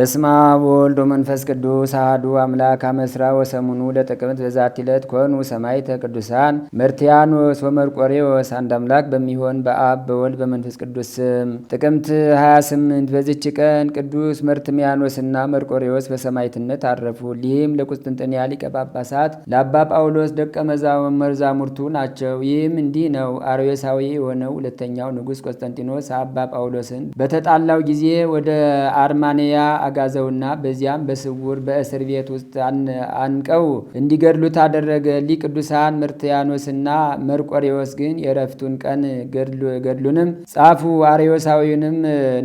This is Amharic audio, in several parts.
በስማ ወልድ መንፈስ ቅዱስ አህዱ አምላክ አመስራ ወሰሙኑ ለጥቅምት በዛቲ ዕለት ኮኑ ሰማዕተ ቅዱሳን መርትያኖስ ወመርቆሬዎስ። አንድ አምላክ በሚሆን በአብ በወልድ በመንፈስ ቅዱስ ስም ጥቅምት 28 በዚች ቀን ቅዱስ መርትሚያኖስና መርቆሬዎስ በሰማዕትነት አረፉ። ይህም ለቁስጥንጥንያ ሊቀ ጳጳሳት ለአባ ጳውሎስ ደቀ መዛሙርቱ ናቸው። ይህም እንዲህ ነው። አርዮሳዊ የሆነው ሁለተኛው ንጉሥ ቆስጠንጢኖስ አባ ጳውሎስን በተጣላው ጊዜ ወደ አርማንያ አጋዘውና በዚያም በስውር በእስር ቤት ውስጥ አንቀው እንዲገድሉት አደረገ። ሊህ ቅዱሳን ምርትያኖስና መርቆሬዎስ ግን የእረፍቱን ቀን ገድሉንም ጻፉ። አርዮሳዊንም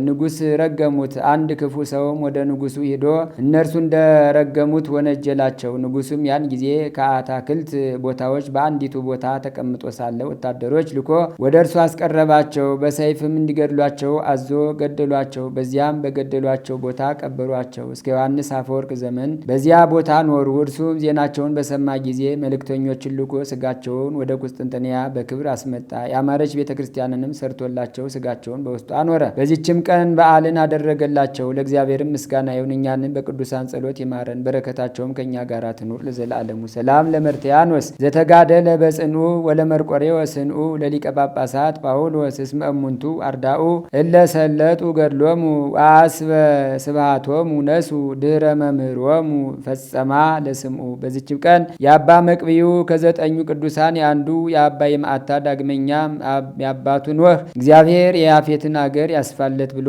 ንጉሥ ረገሙት። አንድ ክፉ ሰውም ወደ ንጉሱ ሂዶ እነርሱ እንደረገሙት ወነጀላቸው። ንጉሱም ያን ጊዜ ከአታክልት ቦታዎች በአንዲቱ ቦታ ተቀምጦ ሳለ ወታደሮች ልኮ ወደ እርሱ አስቀረባቸው። በሰይፍም እንዲገድሏቸው አዞ ገደሏቸው። በዚያም በገደሏቸው ቦታ አከበሯቸው። እስከ ዮሐንስ አፈወርቅ ዘመን በዚያ ቦታ ኖሩ። እርሱም ዜናቸውን በሰማ ጊዜ መልእክተኞችን ልኮ ስጋቸውን ወደ ቁስጥንጥንያ በክብር አስመጣ። የአማረች ቤተ ክርስቲያንንም ሰርቶላቸው ስጋቸውን በውስጡ አኖረ። በዚችም ቀን በዓልን አደረገላቸው። ለእግዚአብሔርም ምስጋና ይሁን፣ እኛንም በቅዱሳን ጸሎት ይማረን፣ በረከታቸውም ከእኛ ጋር ትኑር ለዘላለሙ። ሰላም ለመርትያኖስ ዘተጋደለ በጽኑ ወለመርቆሬ ወስንኡ ለሊቀ ጳጳሳት ጳውሎስ እስመ እሙንቱ አርዳኡ እለሰለጡ ገድሎሙ አስበ ስብሃ በዓቶሙ ነሱ ድህረ መምህሮሙ ፈጸማ ለስምዑ። በዚችም ቀን የአባ መቅብዩ ከዘጠኙ ቅዱሳን የአንዱ የአባ የማዕታ ዳግመኛ የአባቱ ኖህ እግዚአብሔር የያፌትን አገር ያስፋለት ብሎ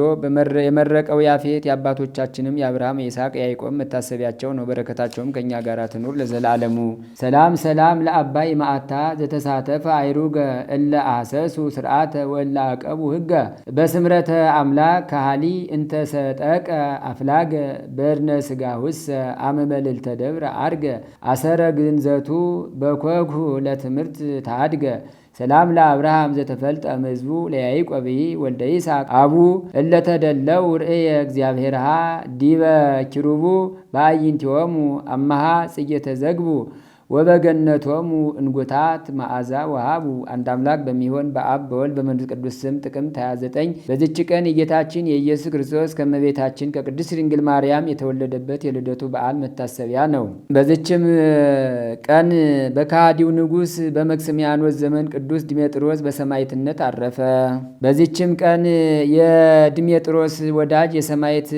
የመረቀው ያፌት የአባቶቻችንም የአብርሃም የይስሐቅ የያዕቆብ መታሰቢያቸው ነው። በረከታቸውም ከእኛ ጋር ትኑር ለዘላለሙ። ሰላም ሰላም ለአባ የማዕታ ዘተሳተፈ አይሩገ እለ አሰሱ ስርዓተ ወላ አቀቡ ህገ በስምረተ አምላክ ካህሊ እንተሰጠቀ አፍላገ በድነ ስጋ ውሰ አመመልል ተደብረ አድገ አሰረ ግንዘቱ በኮግሁ ለትምህርት ታድገ ሰላም ለአብርሃም ዘተፈልጠም ህዝቡ ለያዕቆብ ቆብይ ወልደ ይስሐቅ አቡ እለተደለው ርእየ እግዚአብሔርሃ ዲበ ኪሩቡ በአይንቲሆሙ አመሃ ጽጌ ወበገነቶሙ እንጎታት ማዓዛ ወሃቡ። አንድ አምላክ በሚሆን በአብ በወልድ በመንፈስ ቅዱስ ስም ጥቅምት 29 በዚች ቀን የጌታችን የኢየሱስ ክርስቶስ ከመቤታችን ከቅድስት ድንግል ማርያም የተወለደበት የልደቱ በዓል መታሰቢያ ነው። በዚችም ቀን በካዲው ንጉሥ በመክስሚያኖስ ዘመን ቅዱስ ድሜጥሮስ በሰማይትነት አረፈ። በዚችም ቀን የድሜጥሮስ ወዳጅ የሰማይት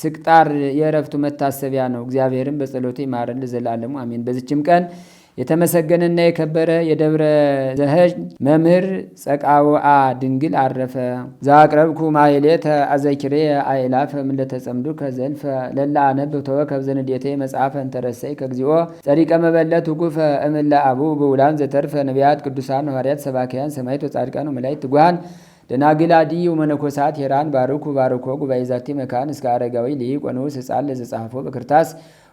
ስቅጣር የእረፍቱ መታሰቢያ ነው። እግዚአብሔርም በጸሎቱ ይማረን ለዘላለሙ አሜን። በዚችም ቀን ኪዳን የተመሰገነና የከበረ የደብረ ዘህጅ መምህር ጸቃውአ ድንግል አረፈ። ዛቅረብኩ ማይሌተ አዘኪሬ አይላፈ ምለተጸምዱ ከዘንፈ ለላ አነብ ተወ ከብዘንዴቴ መጽሐፈ እንተረሰይ ከግዚኦ ጸሪቀ መበለት ውጉፈ እምለ አቡ ብውላን ዘተርፈ ነቢያት ቅዱሳን ሐዋርያት ሰባኪያን ሰማይት ወጻድቃን ወመላእክት ትጉሃን ደናግላዲ ወመነኮሳት ሄራን ባርኩ ባርኮ ጉባኤ ዛቲ መካን እስከ አረጋዊ ልይ ንዑስ ህፃን ለዘጻሕፎ በክርታስ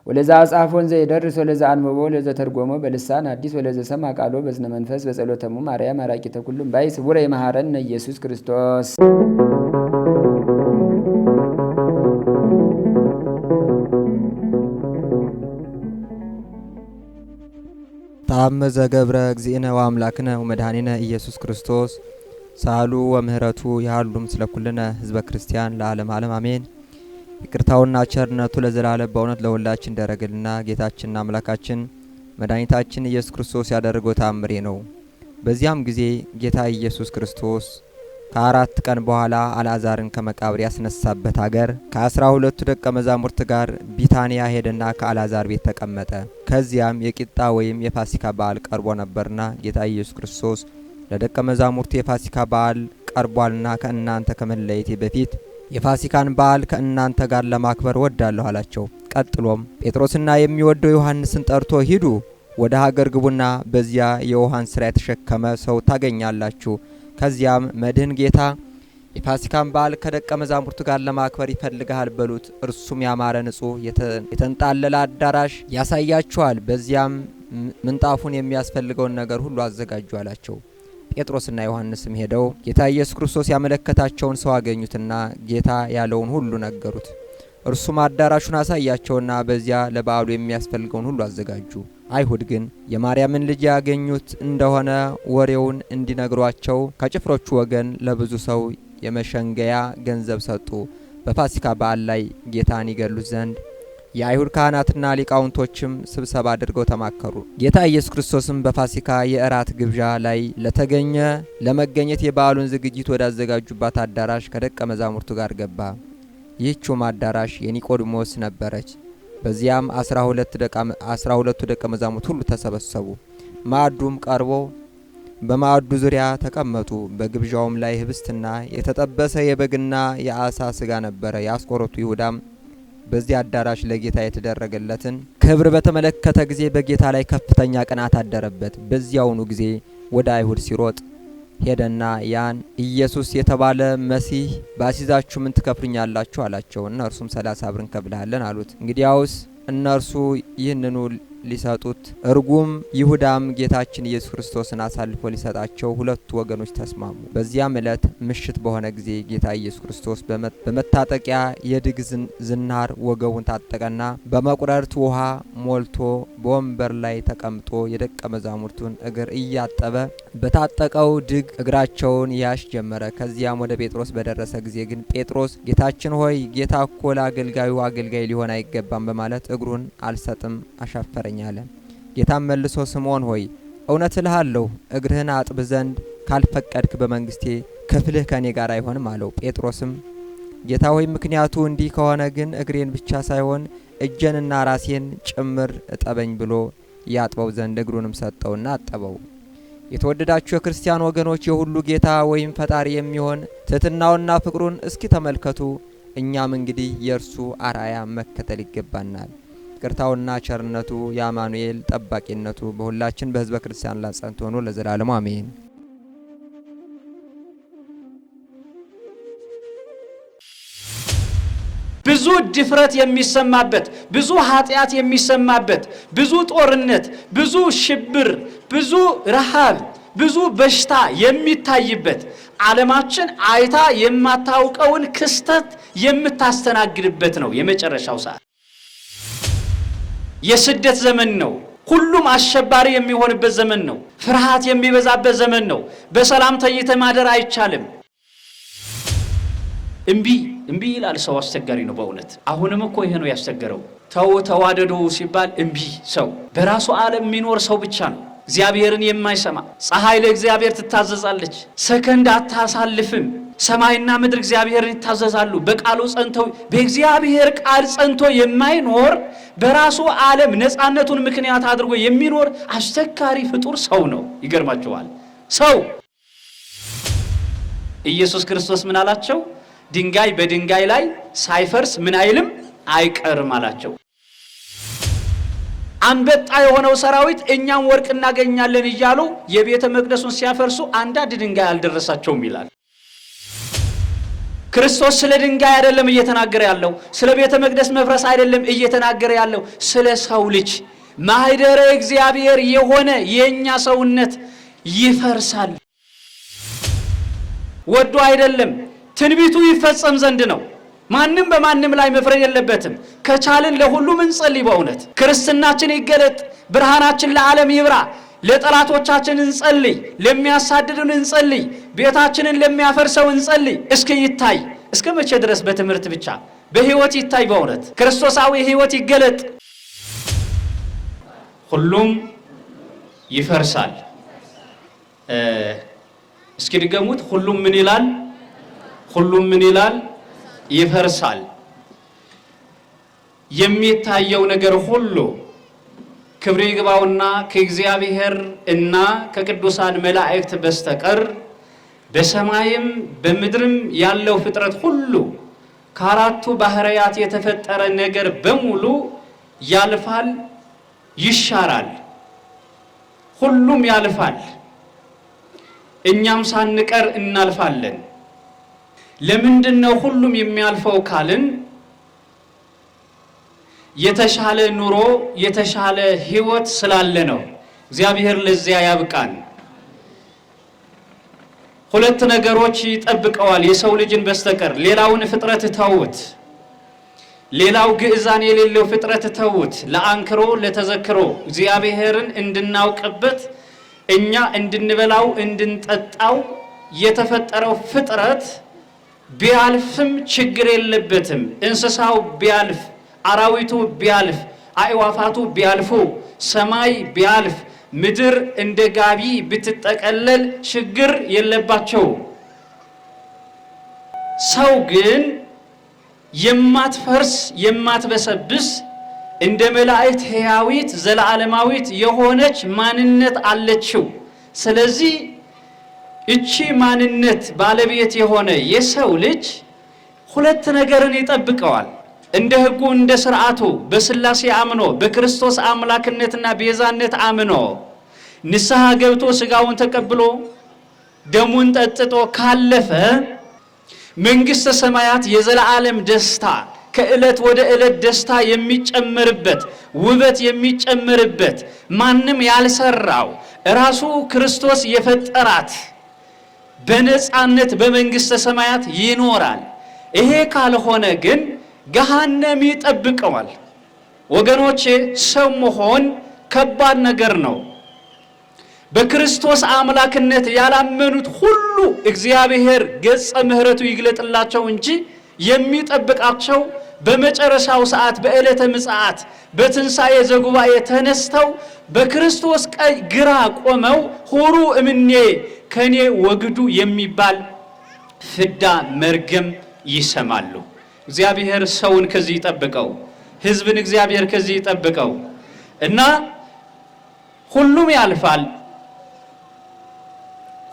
ወለዛ አጻፎ ወንዘ የደርስ ወለዛ አንብቦ ወለዘ ተርጎሞ በልሳን አዲስ ወለዘ ሰማ ቃሎ በዝነ መንፈስ በጸሎተሙ ማርያም አራቂ ኩሉም ባይ ስቡረ የመሐረነ ኢየሱስ ክርስቶስ ገብረ ዘገብረ እግዚእነ ወአምላክነ ወመድኃኒነ ኢየሱስ ክርስቶስ ሳሉ ወምህረቱ ያሉም ስለኩልነ ህዝበ ክርስቲያን ለዓለም ዓለም አሜን። ይቅርታውና ቸርነቱ ለዘላለም በእውነት ለሁላችን ደረግልና ጌታችንና አምላካችን መድኃኒታችን ኢየሱስ ክርስቶስ ያደረገው ታምሬ ነው። በዚያም ጊዜ ጌታ ኢየሱስ ክርስቶስ ከአራት ቀን በኋላ አልአዛርን ከመቃብር ያስነሳበት አገር ከአስራ ሁለቱ ደቀ መዛሙርት ጋር ቢታንያ ሄደና ከአልአዛር ቤት ተቀመጠ። ከዚያም የቂጣ ወይም የፋሲካ በዓል ቀርቦ ነበርና ጌታ ኢየሱስ ክርስቶስ ለደቀ መዛሙርቱ የፋሲካ በዓል ቀርቧልና ከእናንተ ከመለየቴ በፊት የፋሲካን በዓል ከእናንተ ጋር ለማክበር ወዳለሁ አላቸው። ቀጥሎም ጴጥሮስና የሚወደው ዮሐንስን ጠርቶ ሂዱ፣ ወደ ሀገር ግቡና በዚያ የውሃን ስራ የተሸከመ ሰው ታገኛላችሁ። ከዚያም መድህን ጌታ የፋሲካን በዓል ከደቀ መዛሙርቱ ጋር ለማክበር ይፈልግሃል በሉት። እርሱም ያማረ ንጹሕ የተንጣለለ አዳራሽ ያሳያችኋል። በዚያም ምንጣፉን የሚያስፈልገውን ነገር ሁሉ አዘጋጁ አላቸው። ጴጥሮስና ዮሐንስም ሄደው ጌታ ኢየሱስ ክርስቶስ ያመለከታቸውን ሰው አገኙትና ጌታ ያለውን ሁሉ ነገሩት። እርሱም አዳራሹን አሳያቸውና በዚያ ለበዓሉ የሚያስፈልገውን ሁሉ አዘጋጁ። አይሁድ ግን የማርያምን ልጅ ያገኙት እንደሆነ ወሬውን እንዲነግሯቸው ከጭፍሮቹ ወገን ለብዙ ሰው የመሸንገያ ገንዘብ ሰጡ። በፋሲካ በዓል ላይ ጌታን ይገሉት ዘንድ የአይሁድ ካህናትና ሊቃውንቶችም ስብሰባ አድርገው ተማከሩ። ጌታ ኢየሱስ ክርስቶስም በፋሲካ የእራት ግብዣ ላይ ለተገኘ ለመገኘት የበዓሉን ዝግጅት ወዳዘጋጁባት አዳራሽ ከደቀ መዛሙርቱ ጋር ገባ። ይህችውም አዳራሽ የኒቆድሞስ ነበረች። በዚያም አስራ ሁለቱ ደቀ መዛሙርት ሁሉ ተሰበሰቡ። ማዕዱም ቀርቦ በማዕዱ ዙሪያ ተቀመጡ። በግብዣውም ላይ ህብስትና የተጠበሰ የበግና የአሳ ስጋ ነበረ። የአስቆሮቱ ይሁዳም በዚህ አዳራሽ ለጌታ የተደረገለትን ክብር በተመለከተ ጊዜ በጌታ ላይ ከፍተኛ ቅናት አደረበት። በዚያውኑ ጊዜ ወደ አይሁድ ሲሮጥ ሄደና ያን ኢየሱስ የተባለ መሲህ ባሲዛችሁ ምን ትከፍሉኛላችሁ? አላቸው። እነርሱም ሰላሳ ብርን እንከፍልሃለን አሉት። እንግዲያውስ እነርሱ ይህንኑ ሊሰጡት እርጉም ይሁዳም ጌታችን ኢየሱስ ክርስቶስን አሳልፎ ሊሰጣቸው ሁለቱ ወገኖች ተስማሙ። በዚያም ዕለት ምሽት በሆነ ጊዜ ጌታ ኢየሱስ ክርስቶስ በመታጠቂያ የድግ ዝናር ወገቡን ታጠቀና በመቁረርት ውሃ ሞልቶ በወንበር ላይ ተቀምጦ የደቀ መዛሙርቱን እግር እያጠበ በታጠቀው ድግ እግራቸውን ያሽ ጀመረ። ከዚያም ወደ ጴጥሮስ በደረሰ ጊዜ ግን ጴጥሮስ ጌታችን ሆይ ጌታ እኮ ለአገልጋዩ አገልጋይ ሊሆን አይገባም በማለት እግሩን አልሰጥም አሻፈረ። አስገኝ አለ። ጌታም መልሶ ስምዖን ሆይ እውነት እልሃለሁ እግርህን አጥብ ዘንድ ካልፈቀድክ በመንግስቴ ክፍልህ ከእኔ ጋር አይሆንም አለው። ጴጥሮስም ጌታ ሆይ ምክንያቱ እንዲህ ከሆነ ግን እግሬን ብቻ ሳይሆን እጀንና ራሴን ጭምር እጠበኝ ብሎ ያጥበው ዘንድ እግሩንም ሰጠውና አጠበው። የተወደዳችሁ የክርስቲያን ወገኖች የሁሉ ጌታ ወይም ፈጣሪ የሚሆን ትሕትናውና ፍቅሩን እስኪ ተመልከቱ። እኛም እንግዲህ የእርሱ አርአያ መከተል ይገባናል። ይቅርታውና ቸርነቱ የአማኑኤል ጠባቂነቱ በሁላችን በህዝበ ክርስቲያን ላይ ጸንቶ ሆኖ ለዘላለሙ አሜን። ብዙ ድፍረት የሚሰማበት ብዙ ኃጢአት የሚሰማበት ብዙ ጦርነት፣ ብዙ ሽብር፣ ብዙ ረሃብ፣ ብዙ በሽታ የሚታይበት ዓለማችን አይታ የማታውቀውን ክስተት የምታስተናግድበት ነው የመጨረሻው ሰዓት። የስደት ዘመን ነው። ሁሉም አሸባሪ የሚሆንበት ዘመን ነው። ፍርሃት የሚበዛበት ዘመን ነው። በሰላም ተኝተ ማደር አይቻልም። እምቢ እምቢ ይላል ሰው። አስቸጋሪ ነው በእውነት አሁንም እኮ ይሄ ነው ያስቸገረው። ተው ተዋደዱ ሲባል እምቢ ሰው በራሱ ዓለም የሚኖር ሰው ብቻ ነው። እግዚአብሔርን የማይሰማ ፀሐይ ለእግዚአብሔር ትታዘዛለች፣ ሰከንድ አታሳልፍም። ሰማይና ምድር እግዚአብሔርን ይታዘዛሉ። በቃሉ ጸንተው በእግዚአብሔር ቃል ጸንቶ የማይኖር በራሱ ዓለም ነፃነቱን ምክንያት አድርጎ የሚኖር አስቸጋሪ ፍጡር ሰው ነው። ይገርማቸዋል። ሰው ኢየሱስ ክርስቶስ ምን አላቸው? ድንጋይ በድንጋይ ላይ ሳይፈርስ ምን አይልም አይቀርም አላቸው። አንበጣ የሆነው ሰራዊት እኛም ወርቅ እናገኛለን እያሉ የቤተ መቅደሱን ሲያፈርሱ አንዳንድ ድንጋይ አልደረሳቸውም ይላል። ክርስቶስ ስለ ድንጋይ አይደለም እየተናገረ ያለው፣ ስለ ቤተ መቅደስ መፍረስ አይደለም እየተናገረ ያለው፣ ስለ ሰው ልጅ ማህደረ እግዚአብሔር የሆነ የእኛ ሰውነት ይፈርሳል። ወዶ አይደለም፣ ትንቢቱ ይፈጸም ዘንድ ነው። ማንም በማንም ላይ መፍረድ የለበትም። ከቻልን ለሁሉም እንጸልይ። በእውነት ክርስትናችን ይገለጥ፣ ብርሃናችን ለዓለም ይብራ። ለጠላቶቻችን እንጸልይ፣ ለሚያሳድዱን እንጸልይ፣ ቤታችንን ለሚያፈርሰው እንጸልይ። እስኪ ይታይ። እስከ መቼ ድረስ በትምህርት ብቻ? በህይወት ይታይ። በእውነት ክርስቶሳዊ ህይወት ይገለጥ። ሁሉም ይፈርሳል። እስኪ ድገሙት። ሁሉም ምን ይላል? ሁሉም ምን ይላል? ይፈርሳል። የሚታየው ነገር ሁሉ ክብሬ ግባውና ከእግዚአብሔር እና ከቅዱሳን መላእክት በስተቀር በሰማይም በምድርም ያለው ፍጥረት ሁሉ ከአራቱ ባህርያት የተፈጠረ ነገር በሙሉ ያልፋል፣ ይሻራል፣ ሁሉም ያልፋል። እኛም ሳንቀር እናልፋለን። ለምንድን ነው ሁሉም የሚያልፈው ካልን የተሻለ ኑሮ የተሻለ ህይወት ስላለ ነው። እግዚአብሔር ለዚያ ያብቃን። ሁለት ነገሮች ይጠብቀዋል የሰው ልጅን በስተቀር ሌላውን ፍጥረት ተውት። ሌላው ግዕዛን የሌለው ፍጥረት ተውት። ለአንክሮ ለተዘክሮ እግዚአብሔርን እንድናውቅበት እኛ እንድንበላው እንድንጠጣው የተፈጠረው ፍጥረት ቢያልፍም ችግር የለበትም። እንስሳው ቢያልፍ አራዊቱ ቢያልፍ፣ አእዋፋቱ ቢያልፉ፣ ሰማይ ቢያልፍ፣ ምድር እንደ ጋቢ ብትጠቀለል ችግር የለባቸው። ሰው ግን የማትፈርስ የማትበሰብስ እንደ መላእክት ሕያዊት ዘለዓለማዊት የሆነች ማንነት አለችው። ስለዚህ እቺ ማንነት ባለቤት የሆነ የሰው ልጅ ሁለት ነገርን ይጠብቀዋል። እንደ ህጉ እንደ ስርዓቱ በስላሴ አምኖ በክርስቶስ አምላክነትና ቤዛነት አምኖ ንስሐ ገብቶ ስጋውን ተቀብሎ ደሙን ጠጥቶ ካለፈ መንግሥተ ሰማያት የዘላለም ደስታ ከእለት ወደ እለት ደስታ የሚጨምርበት ውበት የሚጨምርበት ማንም ያልሰራው ራሱ ክርስቶስ የፈጠራት በነፃነት በመንግሥተ ሰማያት ይኖራል። ይሄ ካልሆነ ግን ገሃነም ይጠብቀዋል። ወገኖቼ ሰው መሆን ከባድ ነገር ነው። በክርስቶስ አምላክነት ያላመኑት ሁሉ እግዚአብሔር ገጸ ምሕረቱ ይግለጥላቸው እንጂ የሚጠብቃቸው በመጨረሻው ሰዓት በዕለተ ምጽአት በትንሣኤ ዘጉባኤ ተነስተው በክርስቶስ ቀኝ ግራ ቆመው ሁሩ እምኔ ከኔ ወግዱ የሚባል ፍዳ መርገም ይሰማሉ። እግዚአብሔር ሰውን ከዚህ ይጠብቀው፣ ህዝብን እግዚአብሔር ከዚህ ይጠብቀው እና ሁሉም ያልፋል፣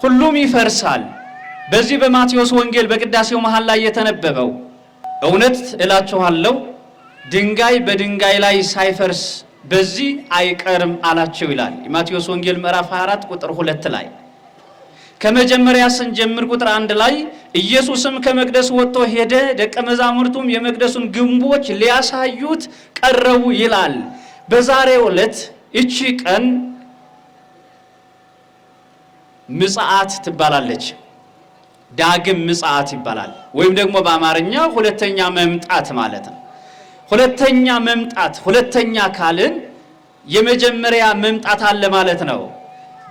ሁሉም ይፈርሳል። በዚህ በማቴዎስ ወንጌል በቅዳሴው መሃል ላይ የተነበበው እውነት እላችኋለሁ ድንጋይ በድንጋይ ላይ ሳይፈርስ በዚህ አይቀርም አላቸው ይላል። የማቴዎስ ወንጌል ምዕራፍ 24 ቁጥር ሁለት ላይ ከመጀመሪያ ስንጀምር ቁጥር አንድ ላይ ኢየሱስም ከመቅደስ ወጥቶ ሄደ፣ ደቀ መዛሙርቱም የመቅደሱን ግንቦች ሊያሳዩት ቀረቡ ይላል። በዛሬው ዕለት እቺ ቀን ምጽአት ትባላለች። ዳግም ምጽአት ይባላል፣ ወይም ደግሞ በአማርኛ ሁለተኛ መምጣት ማለት ነው። ሁለተኛ መምጣት፣ ሁለተኛ ካልን የመጀመሪያ መምጣት አለ ማለት ነው።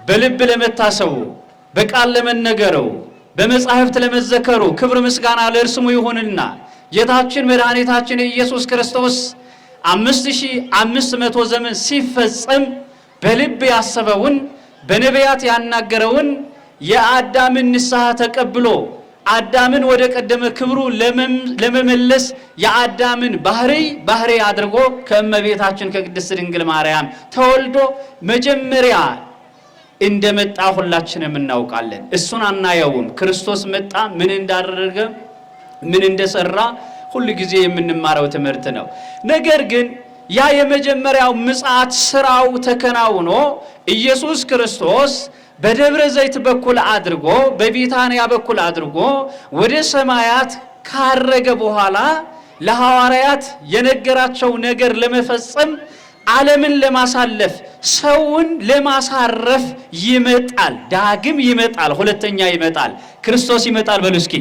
በልብ ለመታሰቡ በቃል ለመነገረው በመጻሕፍት ለመዘከሩ ክብር ምስጋና ለእርሱሙ ይሁንና ጌታችን መድኃኒታችን ኢየሱስ ክርስቶስ አምስት ሺህ አምስት መቶ ዘመን ሲፈጸም በልብ ያሰበውን በነቢያት ያናገረውን የአዳምን ንስሐ ተቀብሎ አዳምን ወደ ቀደመ ክብሩ ለመመለስ የአዳምን ባህሪ ባህሪ አድርጎ ከእመቤታችን ከቅድስት ድንግል ማርያም ተወልዶ መጀመሪያ እንደመጣ ሁላችንም እናውቃለን። እሱን አናየውም። ክርስቶስ መጣ፣ ምን እንዳደረገ፣ ምን እንደሰራ ሁል ጊዜ የምንማረው ትምህርት ነው። ነገር ግን ያ የመጀመሪያው ምጽአት ስራው ተከናውኖ ኢየሱስ ክርስቶስ በደብረ ዘይት በኩል አድርጎ በቢታንያ በኩል አድርጎ ወደ ሰማያት ካረገ በኋላ ለሐዋርያት የነገራቸው ነገር ለመፈጸም ዓለምን ለማሳለፍ ሰውን ለማሳረፍ ይመጣል። ዳግም ይመጣል። ሁለተኛ ይመጣል። ክርስቶስ ይመጣል። በሉ እስኪ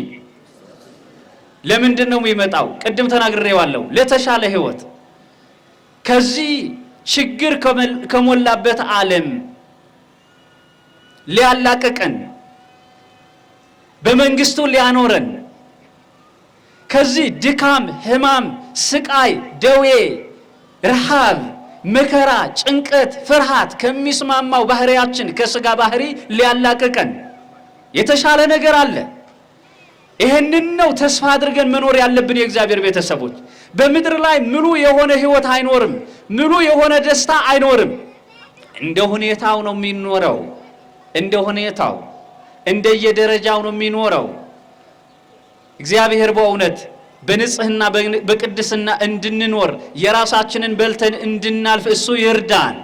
ለምንድን ነው የሚመጣው? ቅድም ተናግሬዋለሁ። ለተሻለ ህይወት፣ ከዚህ ችግር ከሞላበት ዓለም ሊያላቀቀን፣ በመንግስቱ ሊያኖረን፣ ከዚህ ድካም፣ ህማም፣ ስቃይ፣ ደዌ፣ ረሃብ መከራ፣ ጭንቀት፣ ፍርሃት ከሚስማማው ባህሪያችን ከስጋ ባህሪ ሊያላቅቀን የተሻለ ነገር አለ። ይህንን ነው ተስፋ አድርገን መኖር ያለብን የእግዚአብሔር ቤተሰቦች። በምድር ላይ ምሉ የሆነ ህይወት አይኖርም፣ ምሉ የሆነ ደስታ አይኖርም። እንደ ሁኔታው ነው የሚኖረው፣ እንደ ሁኔታው እንደየደረጃው ነው የሚኖረው። እግዚአብሔር በእውነት በንጽህና በቅድስና እንድንኖር የራሳችንን በልተን እንድናልፍ እሱ ይርዳን።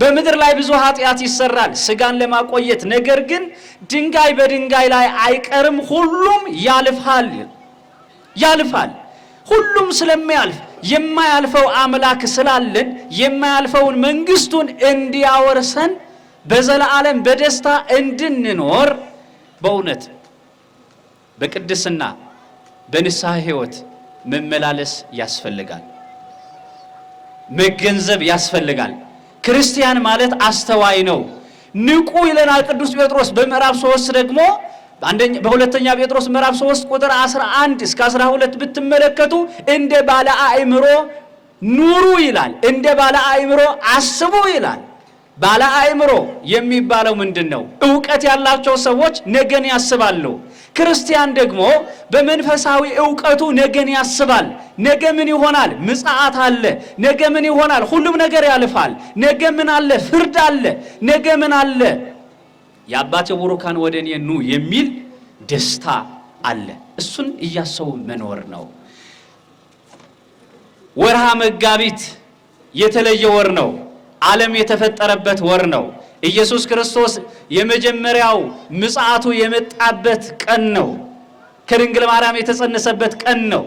በምድር ላይ ብዙ ኃጢአት ይሰራል ስጋን ለማቆየት ነገር ግን ድንጋይ በድንጋይ ላይ አይቀርም፣ ሁሉም ያልፋል ያልፋል። ሁሉም ስለሚያልፍ የማያልፈው አምላክ ስላለን የማያልፈውን መንግስቱን እንዲያወርሰን በዘላለም በደስታ እንድንኖር በእውነት በቅድስና በንስሐ ህይወት መመላለስ ያስፈልጋል። መገንዘብ ያስፈልጋል። ክርስቲያን ማለት አስተዋይ ነው። ንቁ ይለናል ቅዱስ ጴጥሮስ በምዕራፍ ሶስት ደግሞ በሁለተኛ ጴጥሮስ ምዕራፍ 3 ቁጥር 11 እስከ 12 ብትመለከቱ እንደ ባለ አእምሮ ኑሩ ይላል። እንደ ባለ አእምሮ አስቡ ይላል። ባለ አእምሮ የሚባለው ምንድን ነው? እውቀት ያላቸው ሰዎች ነገን ያስባሉ። ክርስቲያን ደግሞ በመንፈሳዊ እውቀቱ ነገን ያስባል። ነገ ምን ይሆናል? ምጽአት አለ። ነገ ምን ይሆናል? ሁሉም ነገር ያልፋል። ነገ ምን አለ? ፍርድ አለ። ነገ ምን አለ? የአባቴ ቡሩካን ወደ እኔ ኑ የሚል ደስታ አለ። እሱን እያሰቡ መኖር ነው። ወርሃ መጋቢት የተለየ ወር ነው። ዓለም የተፈጠረበት ወር ነው። ኢየሱስ ክርስቶስ የመጀመሪያው ምጽአቱ የመጣበት ቀን ነው። ከድንግል ማርያም የተጸነሰበት ቀን ነው።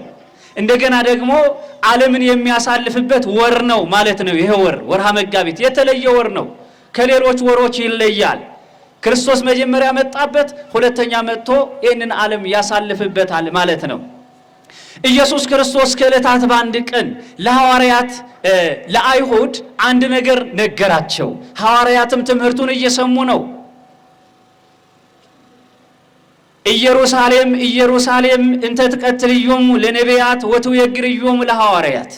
እንደገና ደግሞ ዓለምን የሚያሳልፍበት ወር ነው ማለት ነው። ይሄ ወር ወርሃ መጋቢት የተለየ ወር ነው፣ ከሌሎች ወሮች ይለያል። ክርስቶስ መጀመሪያ መጣበት፣ ሁለተኛ መጥቶ ይህንን ዓለም ያሳልፍበታል ማለት ነው። ኢየሱስ ክርስቶስ ከዕለታት በአንድ ቀን ለሐዋርያት ለአይሁድ አንድ ነገር ነገራቸው። ሐዋርያትም ትምህርቱን እየሰሙ ነው። ኢየሩሳሌም ኢየሩሳሌም እንተ ትቀትልዮም ለነቢያት ወትወግርዮም ለሐዋርያት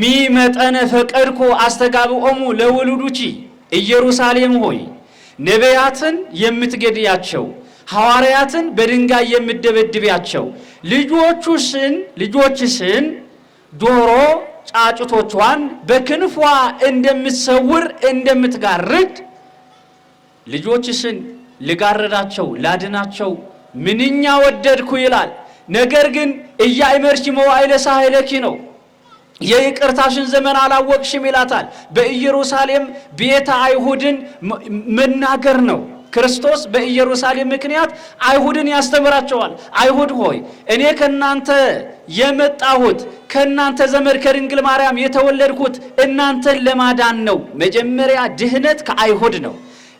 ሚ መጠነ ፈቀድኮ አስተጋብኦሙ ለውሉዱቺ ኢየሩሳሌም ሆይ ነቢያትን የምትገድያቸው ሐዋርያትን በድንጋይ የምደበድቢያቸው ልጆች ስን ዶሮ ጫጭቶቿን በክንፏ እንደምትሰውር እንደምትጋርድ ልጆችስን ልጋርዳቸው ላድናቸው ምንኛ ወደድኩ ይላል። ነገር ግን ኢመርሺ መዋዕለ ሳህለኪ ነው የይቅርታሽን ዘመን አላወቅሽም ይላታል። በኢየሩሳሌም ቤተ አይሁድን መናገር ነው። ክርስቶስ በኢየሩሳሌም ምክንያት አይሁድን ያስተምራቸዋል። አይሁድ ሆይ እኔ ከናንተ የመጣሁት ከናንተ ዘመድ ከድንግል ማርያም የተወለድኩት እናንተን ለማዳን ነው። መጀመሪያ ድህነት ከአይሁድ ነው።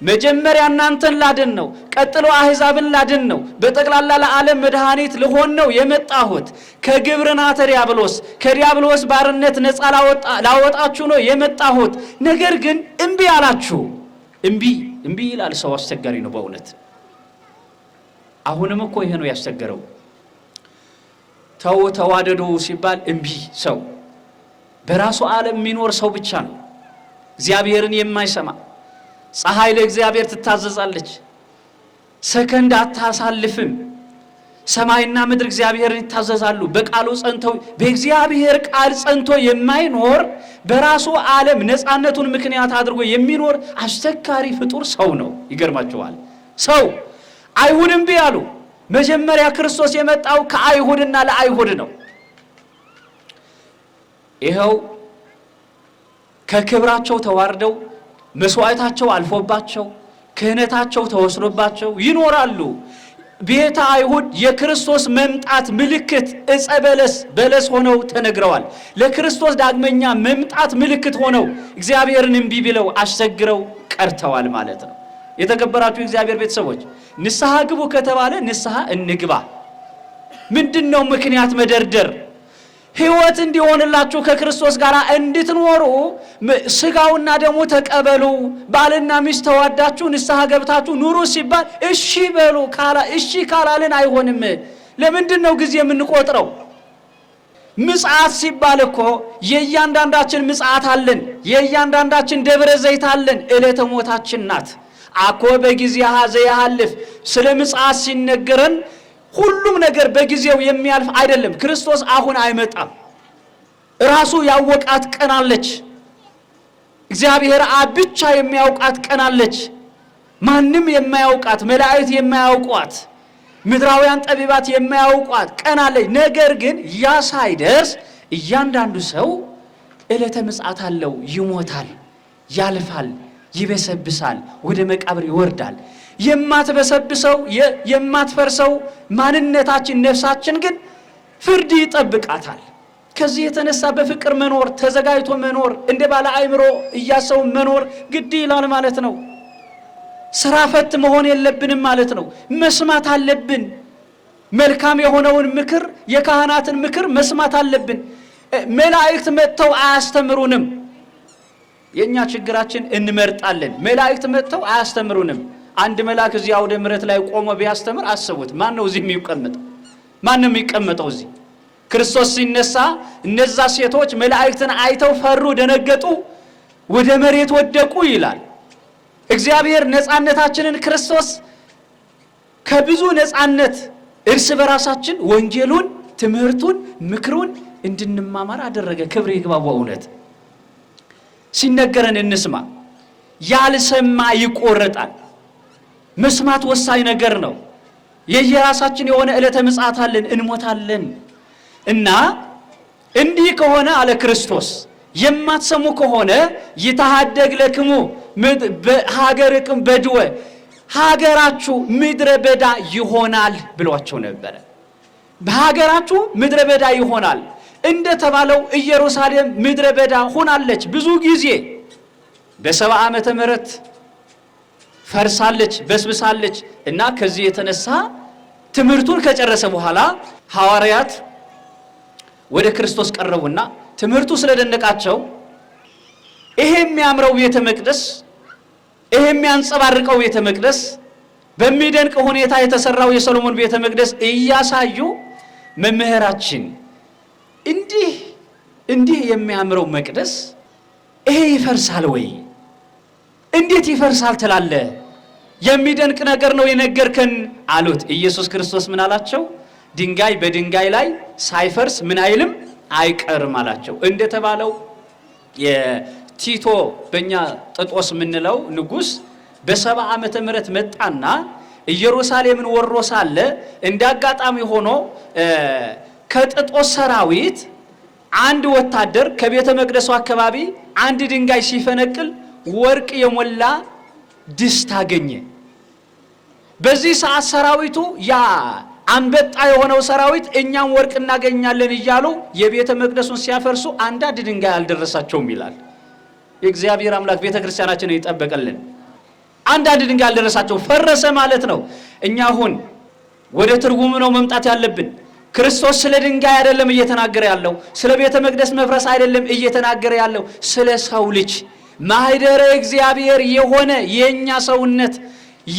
መጀመሪያ እናንተን ላድን ነው። ቀጥሎ አሕዛብን ላድን ነው። በጠቅላላ ለዓለም መድኃኒት ልሆን ነው የመጣሁት። ከግብርናተ ዲያብሎስ ከዲያብሎስ ባርነት ነፃ ላወጣችሁ ነው የመጣሁት። ነገር ግን እምቢ አላችሁ እምቢ እምቢ ይላል ሰው። አስቸጋሪ ነው በእውነት አሁንም እኮ ይሄ ነው ያስቸገረው። ተው ተዋደዱ ሲባል እምቢ ሰው በራሱ ዓለም የሚኖር ሰው ብቻ ነው። እግዚአብሔርን የማይሰማ ፀሐይ ለእግዚአብሔር ትታዘዛለች፣ ሰከንድ አታሳልፍም። ሰማይና ምድር እግዚአብሔርን ይታዘዛሉ። በቃሉ ጸንተው በእግዚአብሔር ቃል ጸንቶ የማይኖር በራሱ ዓለም ነፃነቱን ምክንያት አድርጎ የሚኖር አስቸጋሪ ፍጡር ሰው ነው። ይገርማቸዋል። ሰው አይሁድ እምቢ አሉ። መጀመሪያ ክርስቶስ የመጣው ከአይሁድና ለአይሁድ ነው። ይኸው ከክብራቸው ተዋርደው መስዋዕታቸው አልፎባቸው ክህነታቸው ተወስዶባቸው ይኖራሉ። ቤተ አይሁድ የክርስቶስ መምጣት ምልክት ዕፀ በለስ በለስ ሆነው ተነግረዋል። ለክርስቶስ ዳግመኛ መምጣት ምልክት ሆነው እግዚአብሔርን እምቢ ብለው አሸግረው ቀርተዋል ማለት ነው። የተከበራችሁ የእግዚአብሔር ቤተሰቦች ንስሐ ግቡ ከተባለ ንስሐ እንግባ። ምንድን ነው ምክንያት መደርደር? ህይወት እንዲሆንላችሁ ከክርስቶስ ጋር እንድትኖሩ ስጋውና ደሙ ተቀበሉ። ባልና ሚስት ተዋዳችሁ ንስሐ ገብታችሁ ኑሩ ሲባል እሺ በሉ ካላ እሺ ካላልን አይሆንም። ለምንድን ነው ጊዜ የምንቆጥረው? ምጽአት ሲባል እኮ የእያንዳንዳችን ምጽአት አለን። የእያንዳንዳችን ደብረ ዘይት አለን። ዕለተ ሞታችን ናት አኮ በጊዜሃ ያሃልፍ ስለ ምጽአት ሲነገረን ሁሉም ነገር በጊዜው የሚያልፍ አይደለም። ክርስቶስ አሁን አይመጣም። ራሱ ያወቃት ቀን አለች። እግዚአብሔር አብ ብቻ የሚያውቃት ቀን አለች። ማንም የማያውቃት፣ መላእክት የማያውቋት፣ ምድራውያን ጠቢባት የማያውቋት ቀን አለች። ነገር ግን ያ ሳይደርስ እያንዳንዱ ሰው ዕለተ ምጽአት አለው። ይሞታል፣ ያልፋል፣ ይበሰብሳል፣ ወደ መቃብር ይወርዳል። የማትበሰብሰው የማትፈርሰው ማንነታችን ነፍሳችን ግን ፍርድ ይጠብቃታል። ከዚህ የተነሳ በፍቅር መኖር ተዘጋጅቶ መኖር እንደ ባለ አእምሮ እያሰው መኖር ግድ ይላል ማለት ነው። ስራ ፈት መሆን የለብንም ማለት ነው። መስማት አለብን። መልካም የሆነውን ምክር የካህናትን ምክር መስማት አለብን። መላእክት መጥተው አያስተምሩንም። የእኛ ችግራችን እንመርጣለን። መላእክት መጥተው አያስተምሩንም። አንድ መልአክ እዚህ አውደ ምረት ላይ ቆሞ ቢያስተምር አስቡት። ማን ነው እዚህ የሚቀመጠው? ማን ነው የሚቀመጠው እዚህ? ክርስቶስ ሲነሳ እነዛ ሴቶች መላእክትን አይተው ፈሩ፣ ደነገጡ፣ ወደ መሬት ወደቁ ይላል። እግዚአብሔር ነፃነታችንን ክርስቶስ ከብዙ ነፃነት እርስ በራሳችን ወንጌሉን፣ ትምህርቱን፣ ምክሩን እንድንማማር አደረገ። ክብር ይግባው። እውነት ሲነገረን እንስማ። ያልሰማ ይቆረጣል። መስማት ወሳኝ ነገር ነው። የየራሳችን የሆነ ዕለተ ምጽአት አለን፣ እንሞታለን እና እንዲህ ከሆነ አለ ክርስቶስ የማትሰሙ ከሆነ ይታሃደግ ለክሙ ሀገርክም በድወ ሀገራችሁ ምድረ በዳ ይሆናል ብሏቸው ነበረ። በሀገራችሁ ምድረ በዳ ይሆናል እንደተባለው ኢየሩሳሌም ምድረ በዳ ሆናለች ብዙ ጊዜ በሰባ ዓመተ ምህረት ፈርሳለች፣ በስብሳለች እና ከዚህ የተነሳ ትምህርቱን ከጨረሰ በኋላ ሐዋርያት ወደ ክርስቶስ ቀረቡና ትምህርቱ ስለደነቃቸው ይሄ የሚያምረው ቤተ መቅደስ፣ ይሄ የሚያንጸባርቀው ቤተ መቅደስ፣ በሚደንቅ ሁኔታ የተሰራው የሰሎሞን ቤተ መቅደስ እያሳዩ መምህራችን እንዲህ እንዲህ የሚያምረው መቅደስ ይሄ ይፈርሳል ወይ? እንዴት ይፈርሳል ትላለ? የሚደንቅ ነገር ነው የነገርከን አሉት። ኢየሱስ ክርስቶስ ምን አላቸው? ድንጋይ በድንጋይ ላይ ሳይፈርስ ምን አይልም አይቀርም አላቸው። እንደተባለው የቲቶ በእኛ ጥጦስ የምንለው ንጉሥ በሰባ ዓመተ ምህረት መጣና ኢየሩሳሌምን ወሮ ሳለ እንደ አጋጣሚ ሆኖ ከጥጦስ ሰራዊት አንድ ወታደር ከቤተ መቅደሱ አካባቢ አንድ ድንጋይ ሲፈነቅል ወርቅ የሞላ ድስት አገኘ። በዚህ ሰዓት ሰራዊቱ ያ አንበጣ የሆነው ሰራዊት እኛም ወርቅ እናገኛለን እያሉ የቤተ መቅደሱን ሲያፈርሱ አንዳንድ ድንጋይ አልደረሳቸውም ይላል። የእግዚአብሔር አምላክ ቤተ ክርስቲያናችን ይጠበቀልን። አንዳንድ ድንጋይ አልደረሳቸው ፈረሰ ማለት ነው። እኛ አሁን ወደ ትርጉሙ ነው መምጣት ያለብን። ክርስቶስ ስለ ድንጋይ አይደለም እየተናገረ ያለው፣ ስለ ቤተ መቅደስ መፍረስ አይደለም እየተናገረ ያለው፣ ስለ ሰው ልጅ ማህደረ እግዚአብሔር የሆነ የእኛ ሰውነት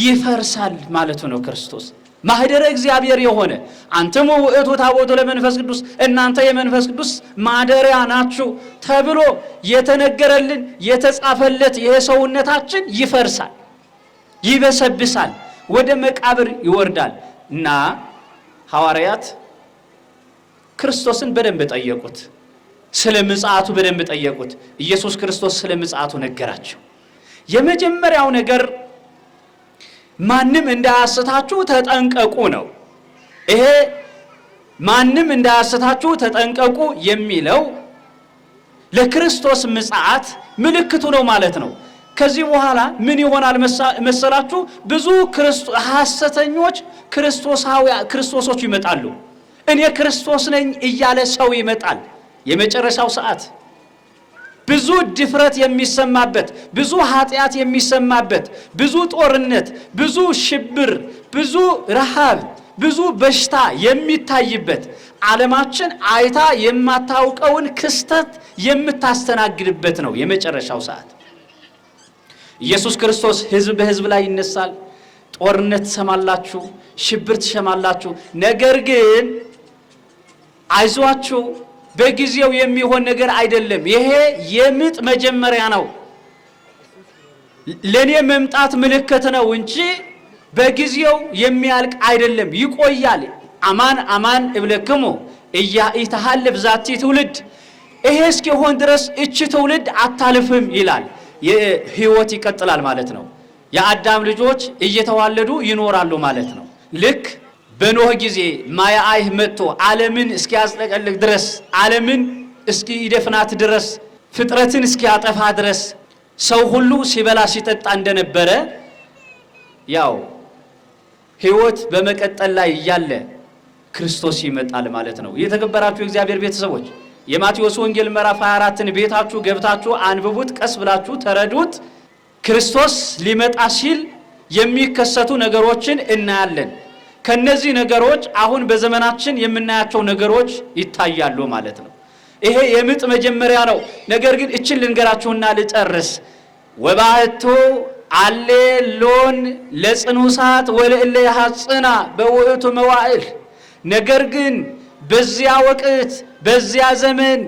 ይፈርሳል ማለቱ ነው ክርስቶስ ማህደረ እግዚአብሔር የሆነ አንትሙ ውእቱ ታቦቱ ለመንፈስ ቅዱስ እናንተ የመንፈስ ቅዱስ ማደሪያ ናችሁ ተብሎ የተነገረልን የተጻፈለት ይሄ ሰውነታችን ይፈርሳል፣ ይበሰብሳል፣ ወደ መቃብር ይወርዳል እና ሐዋርያት ክርስቶስን በደንብ ጠየቁት። ስለ ምጽአቱ በደንብ ጠየቁት። ኢየሱስ ክርስቶስ ስለ ምጽአቱ ነገራቸው። የመጀመሪያው ነገር ማንም እንዳያስታችሁ ተጠንቀቁ ነው። ይሄ ማንም እንዳያስታችሁ ተጠንቀቁ የሚለው ለክርስቶስ ምጽአት ምልክቱ ነው ማለት ነው። ከዚህ በኋላ ምን ይሆናል መሰላችሁ? ብዙ ሐሰተኞች ክርስቶሶች ይመጣሉ። እኔ ክርስቶስ ነኝ እያለ ሰው ይመጣል። የመጨረሻው ሰዓት ብዙ ድፍረት የሚሰማበት ብዙ ኃጢአት የሚሰማበት ብዙ ጦርነት፣ ብዙ ሽብር፣ ብዙ ረሃብ፣ ብዙ በሽታ የሚታይበት ዓለማችን አይታ የማታውቀውን ክስተት የምታስተናግድበት ነው የመጨረሻው ሰዓት። ኢየሱስ ክርስቶስ ሕዝብ በሕዝብ ላይ ይነሳል። ጦርነት ትሰማላችሁ፣ ሽብር ትሰማላችሁ። ነገር ግን አይዟችሁ በጊዜው የሚሆን ነገር አይደለም። ይሄ የምጥ መጀመሪያ ነው፣ ለእኔ መምጣት ምልክት ነው እንጂ በጊዜው የሚያልቅ አይደለም፣ ይቆያል። አማን አማን እብለክሙ ኢያኢተሃልፍ ዛቲ ትውልድ፣ ይሄ እስኪሆን ድረስ እች ትውልድ አታልፍም ይላል። ህይወት ይቀጥላል ማለት ነው። የአዳም ልጆች እየተዋለዱ ይኖራሉ ማለት ነው ልክ በኖህ ጊዜ አይህ መጥቶ ዓለምን እስኪያስጠቀልቅ ድረስ ዓለምን እስኪ ይደፍናት ድረስ ፍጥረትን እስኪያጠፋ ድረስ ሰው ሁሉ ሲበላ ሲጠጣ እንደነበረ ያው ህይወት በመቀጠል ላይ እያለ ክርስቶስ ይመጣል ማለት ነው። የተከበራችሁ የእግዚአብሔር ቤተሰቦች የማቴዎስ ወንጌል ምዕራፍ 24ን ቤታችሁ ገብታችሁ አንብቡት፣ ቀስ ብላችሁ ተረዱት። ክርስቶስ ሊመጣ ሲል የሚከሰቱ ነገሮችን እናያለን። ከነዚህ ነገሮች አሁን በዘመናችን የምናያቸው ነገሮች ይታያሉ ማለት ነው። ይሄ የምጥ መጀመሪያ ነው። ነገር ግን እችን ልንገራችሁና ልጨርስ። ወባህቶ አሌ ሎን ለጽኑ ሰዓት ወለእለ ሐጽና በውእቱ መዋዕል። ነገር ግን በዚያ ወቅት በዚያ ዘመን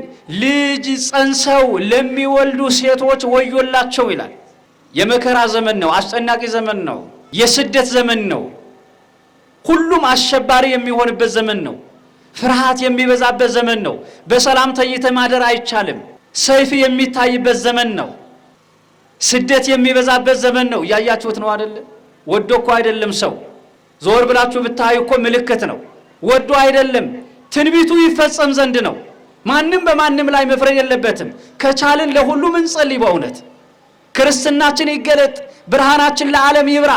ልጅ ጸንሰው ለሚወልዱ ሴቶች ወዮላቸው ይላል። የመከራ ዘመን ነው። አስጨናቂ ዘመን ነው። የስደት ዘመን ነው። ሁሉም አሸባሪ የሚሆንበት ዘመን ነው። ፍርሃት የሚበዛበት ዘመን ነው። በሰላም ተኝተ ማደር አይቻልም። ሰይፍ የሚታይበት ዘመን ነው። ስደት የሚበዛበት ዘመን ነው። እያያችሁት ነው አደለ? ወዶ እኮ አይደለም ሰው ዞር ብላችሁ ብታዩ እኮ ምልክት ነው። ወዶ አይደለም ትንቢቱ ይፈጸም ዘንድ ነው። ማንም በማንም ላይ መፍረድ የለበትም። ከቻልን ለሁሉም እንጸልይ። በእውነት ክርስትናችን ይገለጥ፣ ብርሃናችን ለዓለም ይብራ።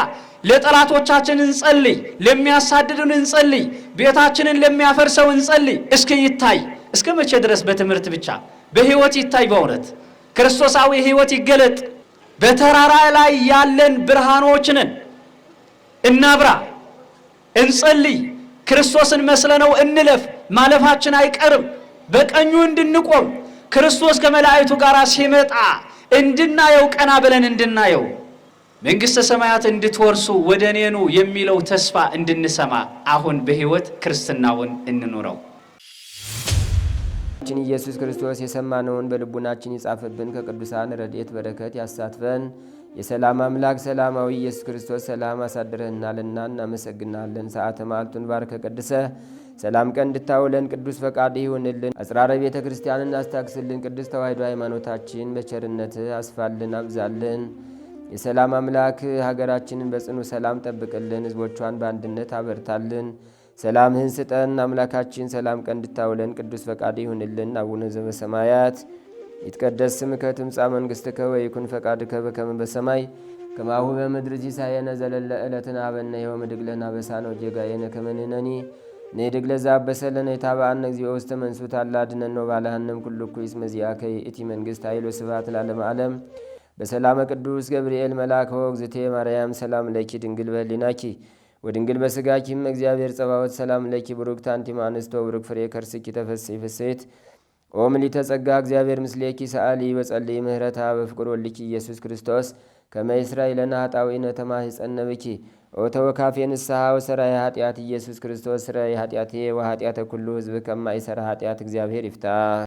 ለጠላቶቻችን እንጸልይ፣ ለሚያሳድዱን እንጸልይ፣ ቤታችንን ለሚያፈርሰው እንጸልይ። እስኪ ይታይ፣ እስከ መቼ ድረስ በትምህርት ብቻ? በህይወት ይታይ፣ በእውነት ክርስቶሳዊ ህይወት ይገለጥ። በተራራ ላይ ያለን ብርሃኖች ነን። እናብራ፣ እንጸልይ፣ ክርስቶስን መስለነው እንለፍ። ማለፋችን አይቀርም። በቀኙ እንድንቆም ክርስቶስ ከመላእክቱ ጋር ሲመጣ እንድናየው፣ ቀና ብለን እንድናየው መንግሥተ ሰማያት እንድትወርሱ ወደ እኔኑ የሚለው ተስፋ እንድንሰማ አሁን በሕይወት ክርስትናውን እንኑረው። ችን ኢየሱስ ክርስቶስ የሰማነውን በልቡናችን ይጻፍብን፣ ከቅዱሳን ረድኤት በረከት ያሳትፈን። የሰላም አምላክ ሰላማዊ ኢየሱስ ክርስቶስ ሰላም አሳድረህናልና እናመሰግናለን። ሰዓተ ማልቱን ባርከ ቀድሰ ሰላም ቀን እንድታውለን ቅዱስ ፈቃድ ይሁንልን። አጽራረ ቤተ ክርስቲያንን አስታክስልን። ቅዱስ ተዋሕዶ ሃይማኖታችን በቸርነት አስፋልን፣ አብዛልን የሰላም አምላክ ሀገራችንን በጽኑ ሰላም ጠብቅልን፣ ህዝቦቿን በአንድነት አበርታልን። ሰላምህን ስጠን አምላካችን፣ ሰላም ቀን እንድታውለን ቅዱስ ፈቃድ ይሁንልን። አቡነ ዘበሰማያት ይትቀደስ ስምከ ትምጻእ መንግሥትከ ወይኩን ፈቃድከ በከመ በሰማይ ከማሁ በምድር ሲሳየነ ዘለለ ዕለትነ ሀበነ ዮም ወኅድግ ለነ አበሳነ ወጌጋየነ ከመ ንሕነኒ ንኅድግ ለዘአበሰለነ የታብአነ እግዚኦ ውስተ መንሱት አላ አድኅነነ ወባልሐነ እምኩሉ ኩሉ እስመ ዚአከ ይእቲ መንግሥት ኃይል ወስብሐት ለዓለመ ዓለም በሰላመ ቅዱስ ገብርኤል መልአክ ወግዝቴ ማርያም ሰላም ለኪ ድንግል በሊናኪ ወድንግል በስጋኪም እግዚአብሔር ጸባወት ሰላም ለኪ ብሩክት አንቲ እምአንስቶ ብሩክ ፍሬ ከርስኪ ተፈሴ ፍሴት ኦ ምልዕተ እግዚአብሔር ምስሌኪ ሰአሊ በጸልይ ምህረታ በፍቅር ወልኪ ኢየሱስ ክርስቶስ ከመ ይሥራይ ኃጣውኢነ ተማኅፀነ ኦ ተወካፌ ንስሓ ወሰራይ ኃጢአት ኢየሱስ ክርስቶስ ስራይ ኃጢአቴ ወኃጢአተ ኩሉ ህዝብ ከማይሰራ ኃጢአት እግዚአብሔር ይፍታ።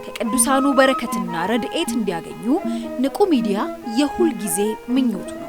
የቅዱሳኑ በረከትና ረድኤት እንዲያገኙ ንቁ ሚዲያ የሁል ጊዜ ምኞቱ